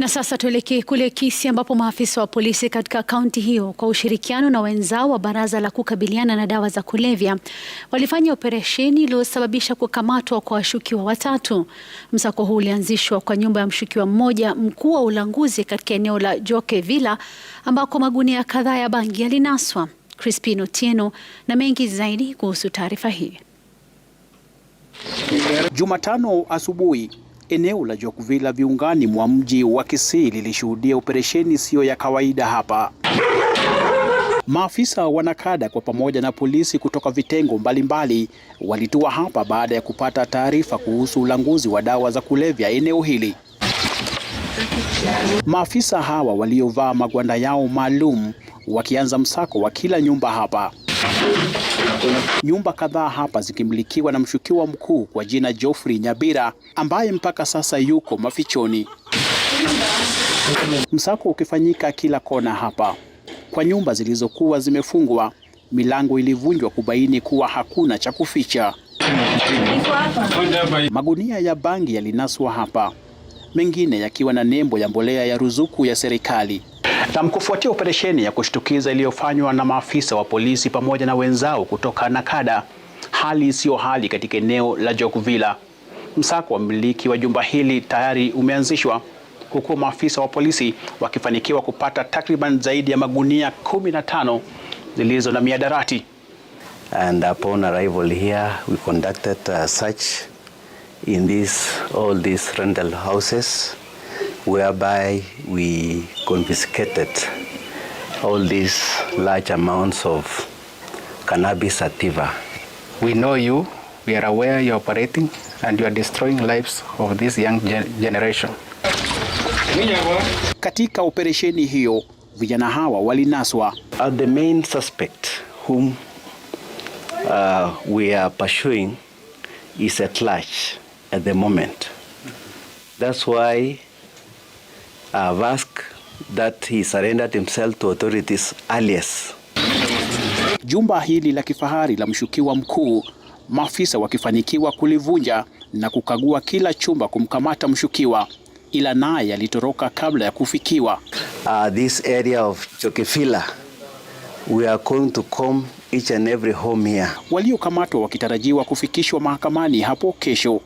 Na sasa tuelekee kule Kisii ambapo maafisa wa polisi katika kaunti hiyo kwa ushirikiano na wenzao wa baraza la kukabiliana na dawa za kulevya walifanya operesheni iliyosababisha kukamatwa kwa washukiwa watatu. Msako huu ulianzishwa kwa nyumba ya mshukiwa mmoja mkuu wa ulanguzi katika eneo la Joke Villa ambako magunia kadhaa ya bangi yalinaswa. Crispino Tieno na mengi zaidi kuhusu taarifa hii. Jumatano asubuhi Eneo la Jokuvila viungani mwa mji wa Kisii lilishuhudia operesheni isiyo ya kawaida hapa. Maafisa wanakada kwa pamoja na polisi kutoka vitengo mbalimbali walitua hapa baada ya kupata taarifa kuhusu ulanguzi wa dawa za kulevya eneo hili. Maafisa hawa waliovaa magwanda yao maalum wakianza msako wa kila nyumba hapa. Nyumba kadhaa hapa zikimilikiwa na mshukiwa mkuu kwa jina Geoffrey Nyabira ambaye mpaka sasa yuko mafichoni. Msako ukifanyika kila kona hapa. Kwa nyumba zilizokuwa zimefungwa, milango ilivunjwa kubaini kuwa hakuna cha kuficha. Magunia ya bangi yalinaswa hapa, mengine yakiwa na nembo ya mbolea ya ruzuku ya serikali. Na mkufuatia operesheni ya kushtukiza iliyofanywa na maafisa wa polisi pamoja na wenzao kutoka Nakada, hali isiyo hali katika eneo la Jokvilla. Msako wa mmiliki wa jumba hili tayari umeanzishwa huku maafisa wa polisi wakifanikiwa kupata takriban zaidi ya magunia 15 zilizo na miadarati. And upon arrival here we conducted a uh, search in these all these rental houses whereby we confiscated all these large amounts of cannabis sativa. We know you, we are aware you're operating and you are destroying lives of this young generation. Katika operesheni hiyo vijana hawa walinaswa. Are the main suspect whom uh, we are pursuing is at large at the moment. That's why I uh, have asked that he surrendered himself to authorities alias. Jumba hili la kifahari la mshukiwa mkuu, maafisa wakifanikiwa kulivunja na kukagua kila chumba kumkamata mshukiwa, ila naye alitoroka kabla ya kufikiwa. Uh, this area of Chokefila we are going to come each and every home here. Waliokamatwa wakitarajiwa kufikishwa mahakamani hapo kesho.